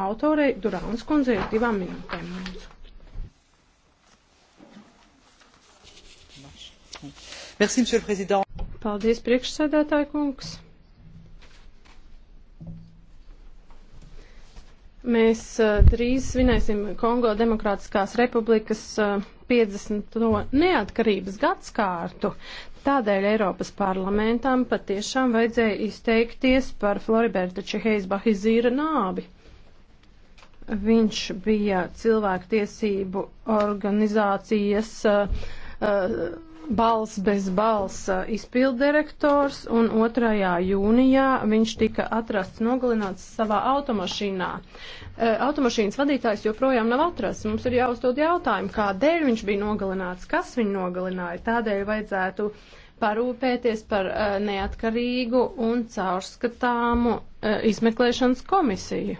autorei Durāns kundzei ir divām minūtēm. Merci, monsieur le président. Paldies, priekšsēdētāji kungs. Mēs uh, drīz svinēsim Kongo Demokrātiskās republikas uh, 50. No neatkarības gadskārtu. Tādēļ Eiropas parlamentam patiešām vajadzēja izteikties par Floriberta Čeheizbahizīra nābi. Viņš bija cilvēku tiesību organizācijas uh, eh, uh, eh, balss bez balsa izpildirektors, un 2. jūnijā viņš tika atrasts nogalināts savā automašīnā. E, automašīnas vadītājs joprojām nav atrasts. Mums ir jāuzdod jautājumu, kādēļ viņš bija nogalināts, kas viņu nogalināja. Tādēļ vajadzētu parūpēties par e, neatkarīgu un caurskatāmu e, izmeklēšanas komisiju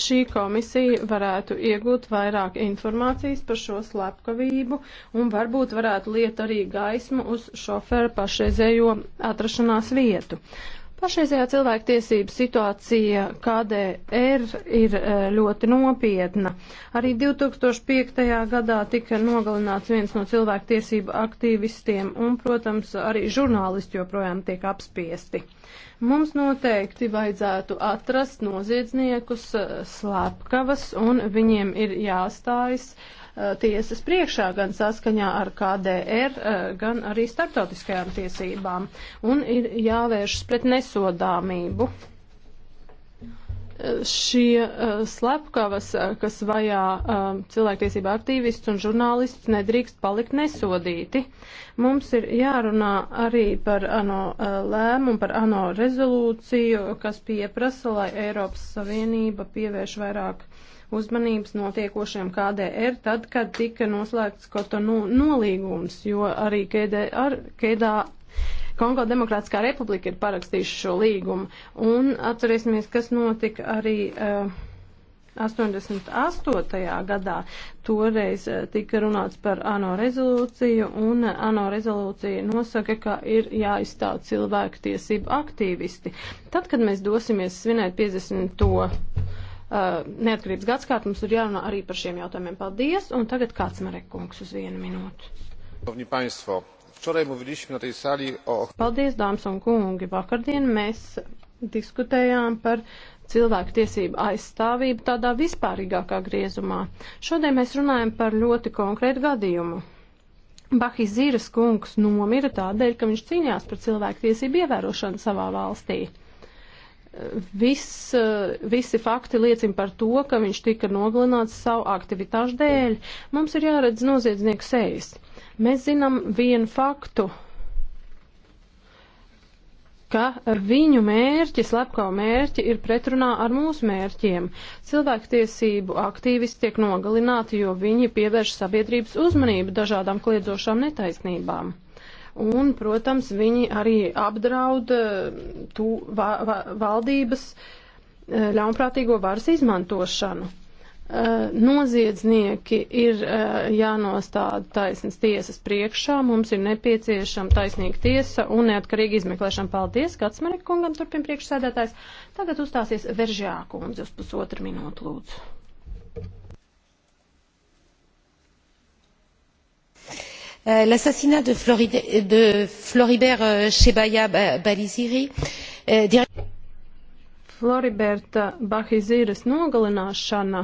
šī komisija varētu iegūt vairāk informācijas par šo slepkavību un varbūt varētu liet arī gaismu uz šoferu pašreizējo atrašanās vietu. Pašreizējā cilvēktiesība situācija KDR ir eh, ļoti nopietna. Arī 2005. gadā tika nogalināts viens no cilvēktiesību aktīvistiem un, protams, arī žurnālisti joprojām tiek apspiesti. Mums noteikti vajadzētu atrast noziedzniekus, eh, slepkavas un viņiem ir jāstājas uh, Uh, tiesas priekšā, gan saskaņā ar KDR, uh, gan arī starptautiskajām tiesībām. Un ir jāvēršas pret nesodāmību šie uh, slepkavas, eh, kas vajā uh, cilvēktiesība aktīvists un žurnālists, nedrīkst palikt nesodīti. Mums ir jārunā arī par ANO uh, lēmumu, par ANO rezolūciju, kas pieprasa, lai Eiropas Savienība pievērš vairāk uzmanības notiekošiem KDR, tad, kad tika noslēgts Kotonu nolīgums, jo arī KDR, KDR Kongo Demokrātiskā republika ir parakstījuši šo līgumu. Un atcerēsimies, kas notika arī. Uh, eh, 88. gadā toreiz eh, tika runāts par ANO rezolūciju, un eh, ANO rezolūcija nosaka, ka ir jāizstāv cilvēku tiesību aktīvisti. Tad, kad mēs dosimies svinēt 50. Uh, neatkarības gadskārt, mums ir jārunā arī par šiem jautājumiem. Paldies, un tagad kāds Marek kungs uz vienu minūtu. Wczoraj mówiliśmy na tej sali o... Paldies, dāmas un kungi. Vakardien mēs diskutējām par cilvēku tiesību aizstāvību tādā vispārīgākā griezumā. Šodien mēs runājam par ļoti konkrētu gadījumu. Bahizīras kungs nomira tādēļ, ka viņš cīnījās par cilvēku tiesību ievērošanu savā valstī. Viss, visi fakti liecina par to, ka viņš tika nogalināts savu aktivitāšu dēļ. Mums ir jāredz noziedznieku sejas. Mēs zinām vienu faktu, ka viņu mērķi, slepkava mērķi, ir pretrunā ar mūsu mērķiem. Cilvēktiesību aktīvisti tiek nogalināti, jo viņi pievērš sabiedrības uzmanību dažādām kliedzošām netaisnībām. Un, protams, viņi arī apdraud eh, tu, va, va, valdības eh, ļaunprātīgo varas izmantošanu. Eh, noziedznieki ir eh, jānostāda taisnas tiesas priekšā, mums ir nepieciešama taisnīga tiesa un neatkarīga izmeklēšana. Paldies, Gatsmarik kungam turpin priekšsēdētājs. Tagad uzstāsies Veržjā kundze uz pusotru minūtu lūdzu. Eh, l'assassinat de, Floride, de Floribert Chebaya Baliziri, Foriberta Bahizīras nogalināšana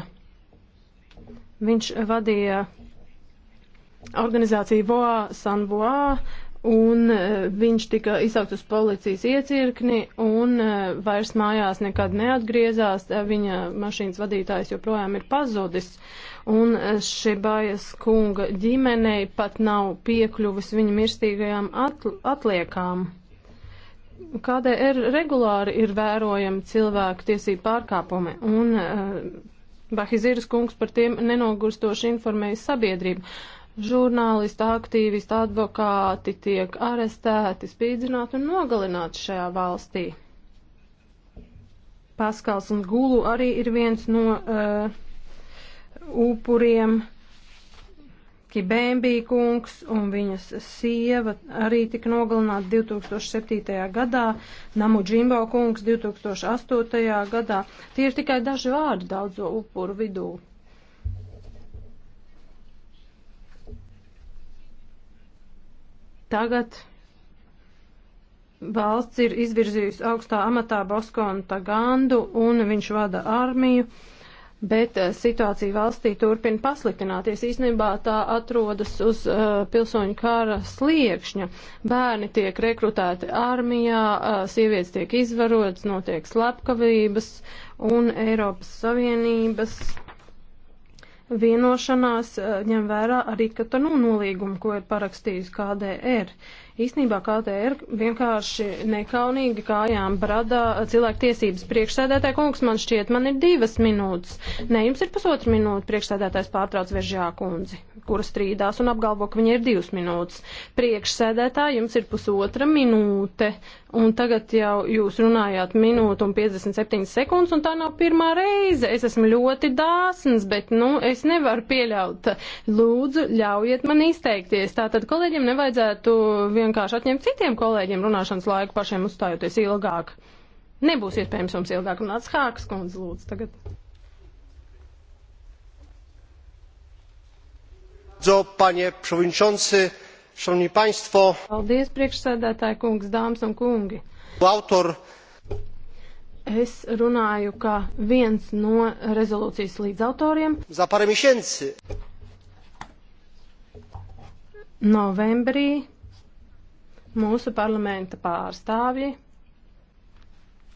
Viņš vadīja organizāciju Boā San Boā, un e, viņš tika izsaukt uz policijas iecirkni un e, vairs mājās nekad neatgriezās. E, viņa mašīnas vadītājs joprojām ir pazudis. Un Šibājas kunga ģimenei pat nav piekļuvis viņa mirstīgajām atl atliekām. KDR regulāri ir vērojami cilvēku tiesību pārkāpumi, un Bahiziras kungs par tiem nenogurstoši informēja sabiedrību. Žurnālisti, aktīvisti, advokāti tiek arestēti, spīdzināti un nogalināti šajā valstī. Paskals un Gulu arī ir viens no uh, upuriem. Kibēmbī kungs un viņas sieva arī tika nogalināti 2007. gadā, Namu Džimbo kungs 2008. gadā. Tie ir tikai daži vārdi daudzo upuru vidū. Tagad valsts ir izvirzījusi augstā amatā Boskonu Tagandu un viņš vada armiju. Uh, bet eh, situācija valstī turpina pasliktināties. Īsnībā tā atrodas uz uh, pilsoņu kara sliekšņa. Bērni tiek rekrutēti armijā, uh, sievietes tiek izvarotas, notiek slepkavības un Eiropas Savienības vienošanās eh, ņem vērā arī Katanu nolīgumu, ko ir parakstījis KDR. Īsnībā KDR vienkārši nekaunīgi kājām bradā cilvēktiesības priekšsēdētāja kungs, man šķiet, man ir divas minūtes. Nē, jums ir pusotra minūte, priekšsēdētājs pārtrauc veržjā kundzi kura strīdās un apgalvo, ka viņai ir divas minūtes. Priekšsēdētāji jums ir pusotra minūte, un tagad jau jūs runājāt minūtu un 57 sekundes, un tā nav pirmā reize. Es esmu ļoti dāsns, bet, nu, es nevaru pieļaut. Lūdzu, ļaujiet man izteikties. Tātad kolēģiem nevajadzētu vienkārši atņemt citiem kolēģiem runāšanas laiku pašiem uzstājoties ilgāk. Nebūs iespējams jums ilgāk runāt. Hākas kundze, lūdzu, tagad. panie przewodniczący! szanowni państwo! paldies priekšsēdētāj kungs dāmas un kungi! autor es runāju kā viens no rezolūcijas līdzautoriem. za parę miesięcy novembrī mūsu parlamenta pārstāvji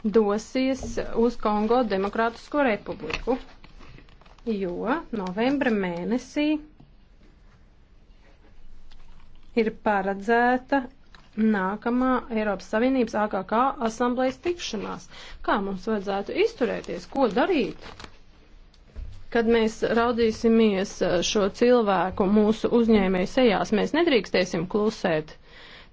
dosies uz Kongo Demokrātisko republiku, jo novembra mēnesī ir paredzēta nākamā Eiropas Savienības AKK asamblejas tikšanās. Kā mums vajadzētu izturēties, ko darīt, kad mēs raudzīsimies šo cilvēku mūsu uzņēmēju sejās, mēs nedrīkstēsim klusēt.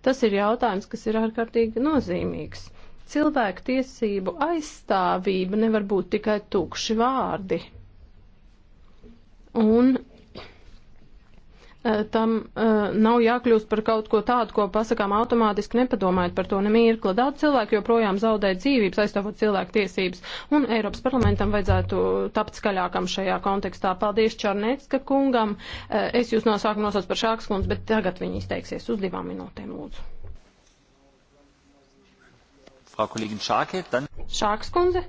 Tas ir jautājums, kas ir ārkārtīgi nozīmīgs. Cilvēku tiesību aizstāvība nevar būt tikai tukši vārdi. Un Eh, tam uh, nav jākļūst par kaut ko tādu, ko pasakām automātiski nepadomājot par to nemirkli. Daudz cilvēku joprojām zaudē dzīvības, aizstāvot cilvēku tiesības, un Eiropas parlamentam vajadzētu tapt skaļākam šajā kontekstā. Paldies Čarnecka kungam. Uh, es jūs no sākuma nosaucu par šāks kundz, bet tagad viņi izteiksies uz divām minūtēm, lūdzu. Šāks kundze?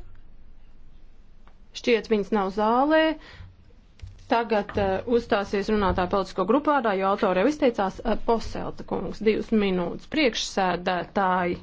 Šķiet, viņas nav zālē. Uh, Tagad uh, uzstāsies runātāja politisko grupu vārdā, jo autori jau izteicās uh, Poselta kungs divas minūtes priekšsēdētāji.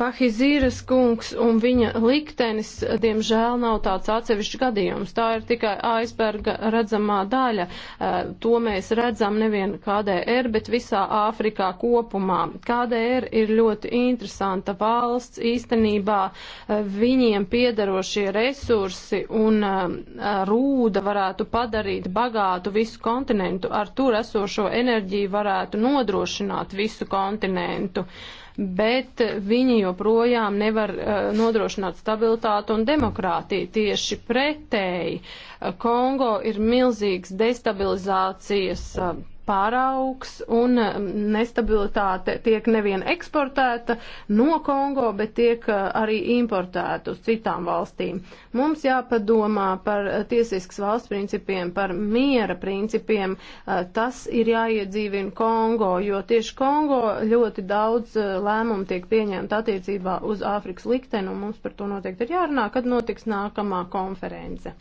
Bahizīras kungs un viņa liktenis, diemžēl, nav tāds atsevišķs gadījums. Tā ir tikai aizberga redzamā daļa. Eh, to mēs redzam nevien KDR, bet visā Āfrikā kopumā. KDR ir ļoti interesanta valsts. Īstenībā eh, viņiem piedarošie resursi un eh, rūda varētu padarīt bagātu visu kontinentu. Ar tur esošo enerģiju varētu nodrošināt visu kontinentu. Uh, bet viņi joprojām nevar uh, nodrošināt stabilitātu un demokrātiju. Tieši pretēji, uh, Kongo ir milzīgs destabilizācijas. Uh, paraugs un um, nestabilitāte tiek nevien eksportēta no Kongo, bet tiek uh, arī importēta uz citām valstīm. Mums jāpadomā par uh, tiesisks valsts principiem, par miera principiem. Uh, tas ir jāiedzīvina Kongo, jo tieši Kongo ļoti daudz lēmumu tiek pieņemta attiecībā uz Āfrikas likteni, un mums par to noteikti ir jārunā, kad notiks nākamā konference.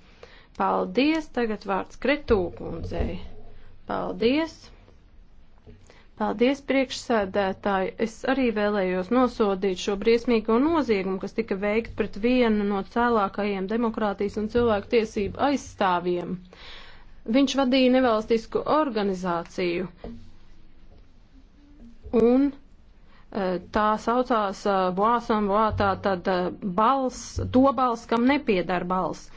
Paldies, tagad vārds Kretūkundzei. Paldies! Paldies, priekšsēdētāji! Es arī vēlējos nosodīt šo briesmīgo noziegumu, kas tika veikt pret vienu no cēlākajiem demokrātijas un cilvēku tiesību aizstāvjiem. Viņš vadīja nevalstisku organizāciju. Un e, tā saucās Boāsam e, Boātā tad e, balss, to balss, kam nepiedar balss.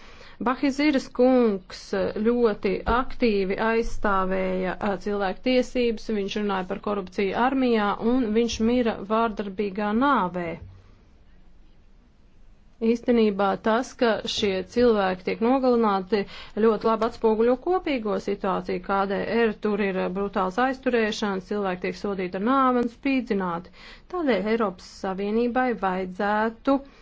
Bahiziras kungs eh, ļoti aktīvi aizstāvēja eh, cilvēku tiesības, viņš runāja par korupciju armijā un viņš mira vārdarbīgā nāvē. Īstenībā tas, ka šie cilvēki tiek nogalināti, ļoti labi atspoguļo kopīgo situāciju, kādēļ tur ir brutāls aizturēšanas, cilvēki tiek sodīti ar nāvi un spīdzināti. Tādēļ Eiropas Savienībai vajadzētu uh,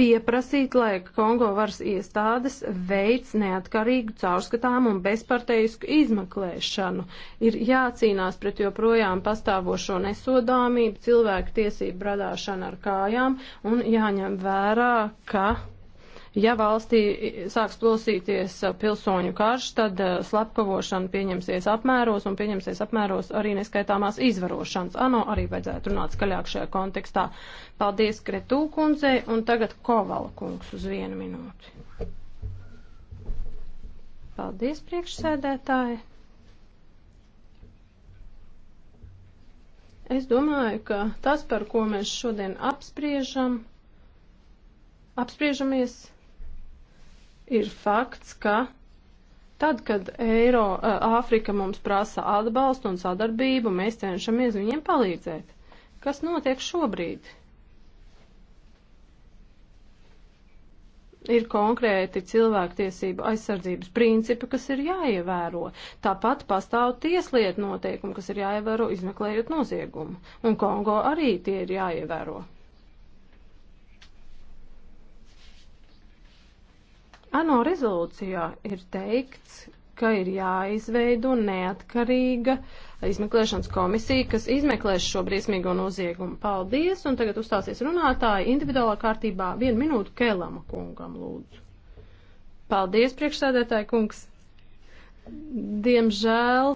pieprasīt, lai Kongo varas iestādes veids neatkarīgu, caurskatāmu un bezparteisku izmeklēšanu. Ir jācīnās pret joprojām pastāvošo nesodāmību, cilvēku tiesību bradāšanu ar kājām un jāņem vērā, ka Ja valstī sāks plosīties uh, pilsoņu karš, tad uh, slepkavošana pieņemsies apmēros un pieņemsies apmēros arī neskaitāmās izvarošanas. Ano arī vajadzētu runāt skaļāk šajā kontekstā. Paldies Kretū kundzei un tagad Kovala kungs uz vienu minūti. Paldies priekšsēdētāji. Es domāju, ka tas, par ko mēs šodien apspriežam, apspriežamies, ir fakts, ka tad, kad Eiro, Āfrika mums prasa atbalstu un sadarbību, mēs cenšamies viņiem palīdzēt. Kas notiek šobrīd? ir konkrēti cilvēktiesību aizsardzības principi, kas ir jāievēro. Tāpat pastāv tieslietu noteikumi, kas ir jāievēro izmeklējot noziegumu. Un Kongo arī tie ir jāievēro. ANO rezolūcijā ir teikts, ka ir jāizveido neatkarīga izmeklēšanas komisija, kas izmeklēs šo briesmīgo noziegumu. Paldies, un tagad uzstāsies runātāji individuālā kārtībā vienu minūtu Kēlama kungam lūdzu. Paldies, priekšsēdētāji kungs. Diemžēl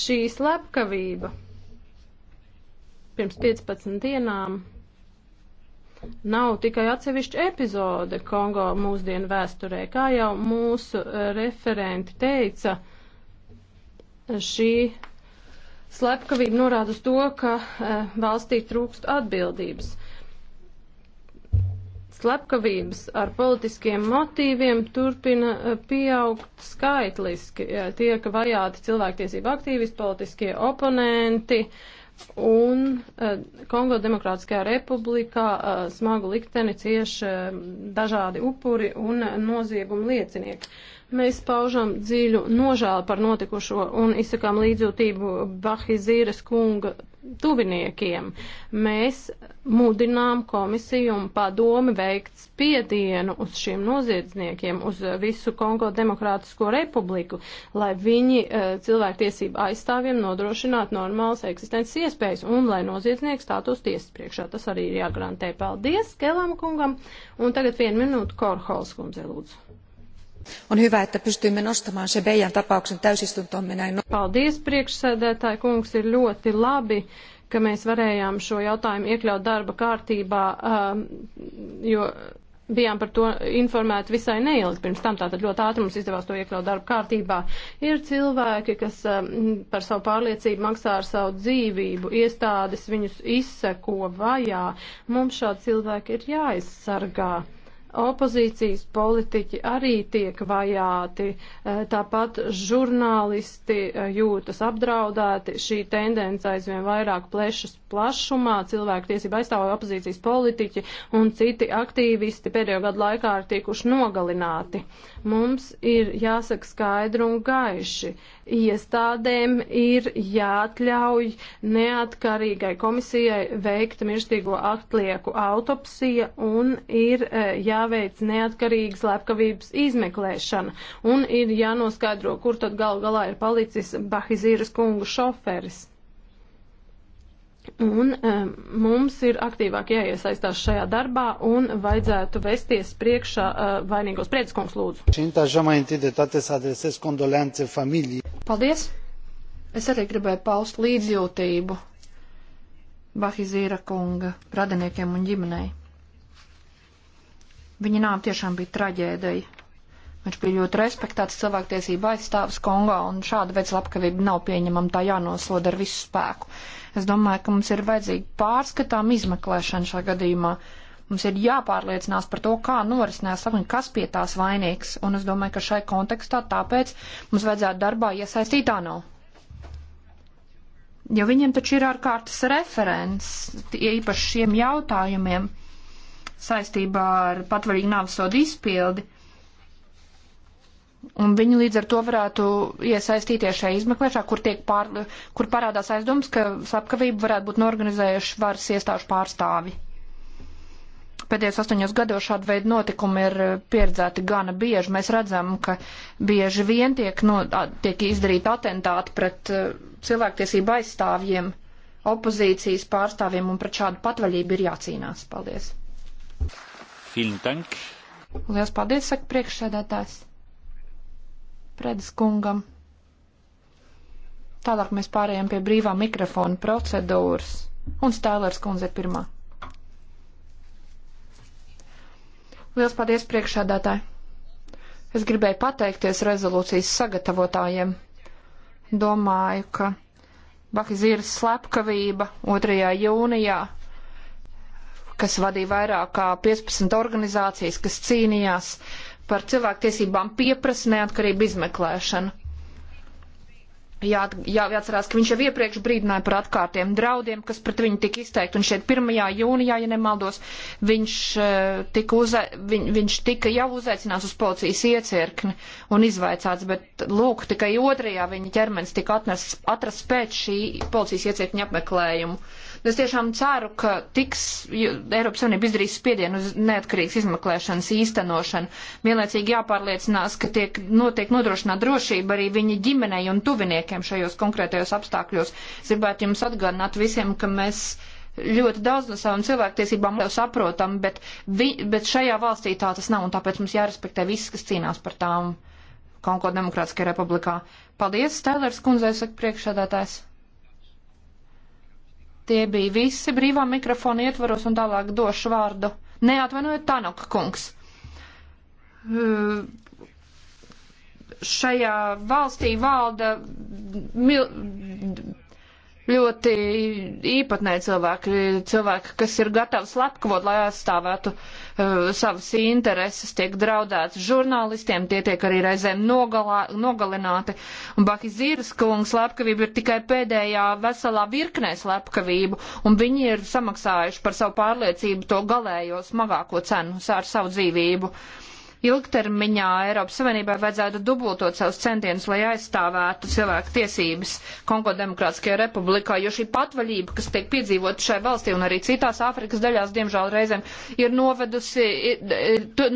šī slepkavība pirms 15 dienām nav tikai atsevišķa epizode Kongo mūsdienu vēsturē. Kā jau mūsu referenti teica, šī slepkavība norāda uz to, ka e, valstī trūkst atbildības. Slepkavības ar politiskiem motīviem turpina e, pieaugt skaitliski. E, tiek vajāti cilvēktiesību aktīvisti, politiskie oponenti, uh, Un uh, Kongo Demokrātiskajā republikā uh, smagu likteni cieši uh, eh, dažādi upuri un uh, noziegumu liecinieki. Mēs paužam dziļu nožēlu par notikušo un izsakām līdzjūtību Bahizīras kunga tuviniekiem. Mēs mudinām komisiju un padomi veikt spiedienu uz šiem noziedzniekiem, uz visu Kongo Demokrātisko republiku, lai viņi eh, cilvēktiesību aizstāvjiem nodrošinātu normālas eksistences iespējas un lai noziedznieks stātos tiesas priekšā. Tas arī ir jāgarantē. Paldies Kelam kungam. Un tagad vienu minūtu Korhols kundze lūdzu. On hyvä, että pystyimme nostamaan se Beijan tapauksen täysistuntomme näin. Paldies, priekšsēdētāji kungs, ir ļoti labi, ka mēs varējām šo jautājumu iekļaut darba kārtībā, um, jo bijām par to informēti visai neilgi pirms tam, tātad ļoti ātri mums izdevās to iekļaut darba kārtībā. Ir cilvēki, kas um, par savu pārliecību maksā ar savu dzīvību, iestādes viņus izseko vajā. Mums šādi cilvēki ir jāizsargā opozīcijas politiķi arī tiek vajāti, eh, tāpat žurnālisti eh, jūtas apdraudēti, šī tendence aizvien vairāk plešas plašumā, cilvēktiesība aizstāvoja opozīcijas politiķi un citi aktīvisti pēdējo gadu laikā ir tikuši nogalināti. Mums ir jāsaka skaidru un gaiši. Iestādēm ir jāatļauj neatkarīgai komisijai veikt mirstīgo atlieku autopsija un ir eh, jā jāveic neatkarīgas lepkavības izmeklēšana un ir jānoskaidro, kur tad gal galā ir palicis Bahizīras kungu šoferis. Un um, mums ir aktīvāk jāiesaistās šajā darbā un vajadzētu vesties priekšā uh, vainīgos prieckungs lūdzu. Paldies! Es arī gribēju paust līdzjūtību Bahizīra kunga radiniekiem un ģimenei. Viņa nāve tiešām bija traģēdija. Viņš bija ļoti respektēts cilvēktiesība aizstāvis Kongā, un šāda veida labkavība nav pieņemama, tā jānosoda ar visu spēku. Es domāju, ka mums ir vajadzīga pārskatām izmeklēšana šā gadījumā. Mums ir jāpārliecinās par to, kā norisinās slavni, kas pie tās vainīgs, un es domāju, ka šai kontekstā tāpēc mums vajadzētu darbā iesaistīt ANO. Jo viņiem taču ir ārkārtas referents īpaši šiem jautājumiem saistībā ar patvarīgu nāvisodu izpildi. Un viņi līdz ar to varētu iesaistīties šajā izmeklēšanā, kur, pār, kur parādās aizdoms, ka slepkavību varētu būt norganizējuši varas iestāžu pārstāvi. Pēdējos astoņos gados šāda veida notikumi ir eh, pieredzēti gana bieži. Mēs redzam, ka bieži vien tiek, no, tiek izdarīti atentāti pret eh, cilvēktiesību aizstāvjiem opozīcijas pārstāvjiem un pret šādu patvaļību ir jācīnās. Paldies! Lielas paldies, saka priekšsēdētājs. Predes kungam. Tālāk mēs pārējām pie brīvā mikrofona procedūras. Un Stēlers kundze ir pirmā. Lielas paldies, priekšsēdētāji. Es gribēju pateikties rezolūcijas sagatavotājiem. Domāju, ka Bahizīras slepkavība 2. jūnijā kas vadīja vairāk kā 15 organizācijas, kas cīnījās par cilvēktiesībām pieprasa neatkarību izmeklēšanu. Jā, jā, jāatcerās, ka viņš jau iepriekš brīdināja par atkārtiem draudiem, kas pret viņu tika izteikti. Un šeit 1. jūnijā, ja nemaldos, viņš, eh, tika, uze, viņ, viņš tika jau uzaicināts uz policijas iecirkni un izvaicāts, bet lūk, tikai otrajā viņa ķermenis tika atnests, atrasts pēc šī policijas iecirkņa apmeklējumu. Es tiešām ceru, ka tiks Eiropas Savienība izdarīs spiedienu uz neatkarīgas izmeklēšanas īstenošanu. Vienlaicīgi jāpārliecinās, ka tiek notiek nodrošināt drošība arī viņa ģimenei un tuviniekiem šajos konkrētajos apstākļos. Es gribētu jums atgādināt visiem, ka mēs ļoti daudz no savām cilvēktiesībām jau saprotam, bet, vi, bet šajā valstī tā tas nav, un tāpēc mums jārespektē viss, kas cīnās par tām Kongo Demokrātiskajā republikā. Paldies, Stēlers kundzei, saka priekšsēdētājs. Tie bija visi brīvā mikrofona ietvaros un tālāk došu vārdu. Neatvainojiet, Tanok kungs. Šajā valstī valda mil, ļoti īpatnēji cilvēki, cilvēki, kas ir gatavi slepkavot, lai aizstāvētu uh, savas intereses, tiek draudēts žurnālistiem, tie tiek arī reizēm nogalā, nogalināti. Un Bahizīras kungs slepkavība ir tikai pēdējā veselā virknē slepkavību, un viņi ir samaksājuši par savu pārliecību to galējo smagāko cenu ar savu dzīvību. Uh, Ilgtermiņā Eiropas Savienībai vajadzētu dubultot savus centienus, lai aizstāvētu cilvēku tiesības Kongo Demokrātiskajā republikā, jo šī patvaļība, kas tiek piedzīvota šai valstī un arī citās Āfrikas daļās, diemžēl reizēm ir novedusi,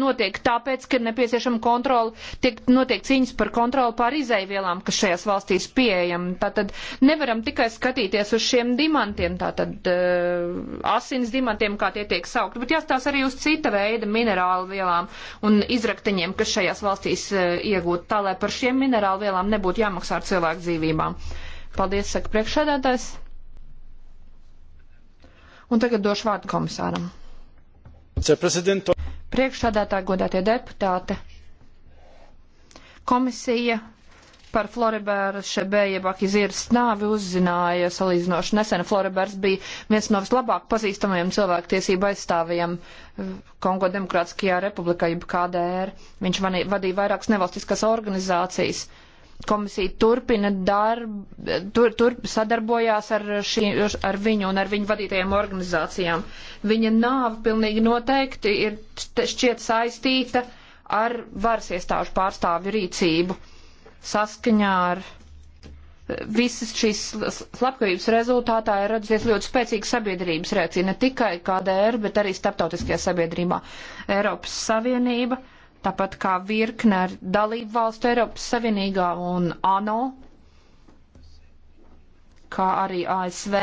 notiek tāpēc, ka ir nepieciešama kontrola, tiek, notiek cīņas par kontroli pār izēvielām, kas šajās valstīs pieejam. Tātad nevaram tikai skatīties uz šiem dimantiem, tātad uh, asins dimantiem, kā tie tiek saukti, bet jāstās arī uz cita veida minerālu vielām un izēvielām izrakteņiem, kas šajās valstīs e, iegūt, tā lai par šiem minerālu vielām nebūtu jāmaksā ar cilvēku dzīvībām. Paldies, saka priekšsēdētājs. Un tagad došu vārdu komisāram. Priekšsēdētāji, godātie deputāti, komisija par Floribēra Šebēja Bakizīras nāvi uzzināja salīdzinoši nesen. Floribērs bija viens no vislabāk pazīstamajiem cilvēktiesību aizstāvjiem eh, Kongo Demokrātiskajā republikā, jeb KDR. Viņš vadīja vairākas nevalstiskas organizācijas. Komisija turpina darbu, tur, tur sadarbojās ar, šī, ar viņu un ar viņu vadītajām organizācijām. Viņa nāve pilnīgi noteikti ir šķiet saistīta ar varas iestāžu pārstāvju rīcību. Uh, saskaņā ar eh, visas šīs slepkavības rezultātā ir radusies ļoti spēcīga sabiedrības reakcija, ne tikai KDR, bet arī starptautiskajā sabiedrībā. Eiropas Savienība, tāpat kā virkne ar dalību valstu Eiropas Savienīgā un ANO, kā arī ASV,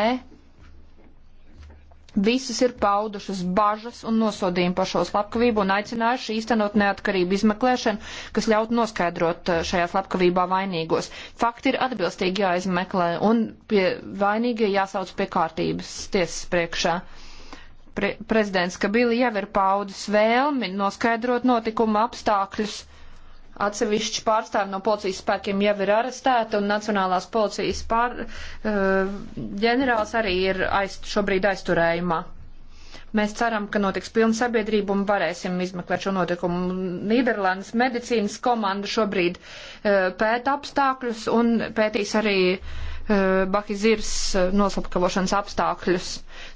visas ir paudušas bažas un nosodījumu par šo slepkavību un aicinājuši īstenot neatkarību izmeklēšanu, kas ļaut noskaidrot eh, šajā slepkavībā vainīgos. Fakti ir atbilstīgi jāizmeklē un pie vainīgie jāsauc pie kārtības tiesas priekšā. Pre prezidents Kabili jau ir paudis vēlmi noskaidrot notikuma apstākļus Atsevišķi pārstāvi no policijas spēkiem jau ir arestēti, un Nacionālās policijas pār, uh, eh, ģenerālis arī ir aiz, šobrīd aizturējumā. Mēs ceram, ka notiks pilna sabiedrība un varēsim izmeklēt šo notikumu. Nīderlandes medicīnas komanda šobrīd uh, pēta apstākļus un pētīs arī uh, Eh, Bahizirs eh, noslapkavošanas apstākļus.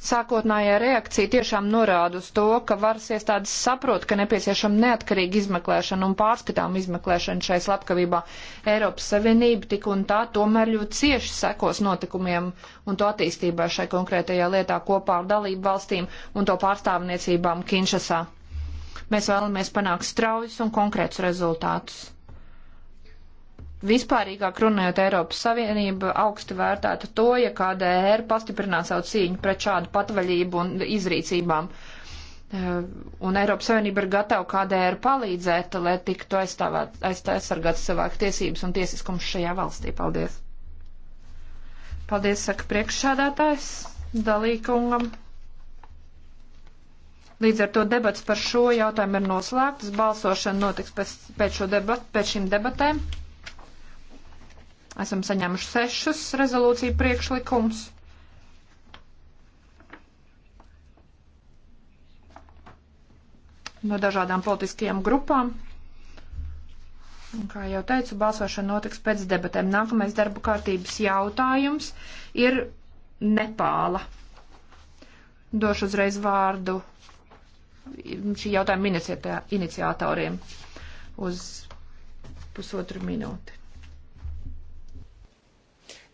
Sākotnējā reakcija tiešām norāda uz to, ka varas iestādes saprot, ka nepieciešama neatkarīga izmeklēšana un pārskatām izmeklēšana šai slepkavībā. Eiropas Savienība tik un tā tomēr ļoti cieši sekos notikumiem un to attīstībā šai konkrētajā lietā kopā ar dalību valstīm un to pārstāvniecībām Kinšasā. Mēs vēlamies panākt straujus un konkrētus rezultātus vispārīgāk runājot, Eiropas Savienība augstu vērtētu to, ja KDR pastiprinās savu cīņu pret šādu patvaļību un izrīcībām. Eh, un Eiropas Savienība ir gatava KDR palīdzēt, lai tiktu aizstāvēt, aizsargāt cilvēku tiesības un tiesiskums šajā valstī. Paldies! Paldies, saka priekšsādātājs Dalīkungam. Līdz ar to debats par šo jautājumu ir noslēgts. Balsošana notiks pēc, pēc, debat, pēc šīm debatēm. Esam saņēmuši sešus rezolūciju priekšlikumus. no dažādām politiskajām grupām. Un, kā jau teicu, balsošana notiks pēc debatēm. Nākamais darba kārtības jautājums ir Nepāla. Došu uzreiz vārdu šī jautājuma iniciatoriem uz pusotru minūti.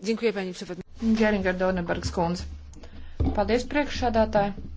Dziękuję, pani przewodnicząca. Geringa Donebergs kundze. Paldies, priekšsādātāji.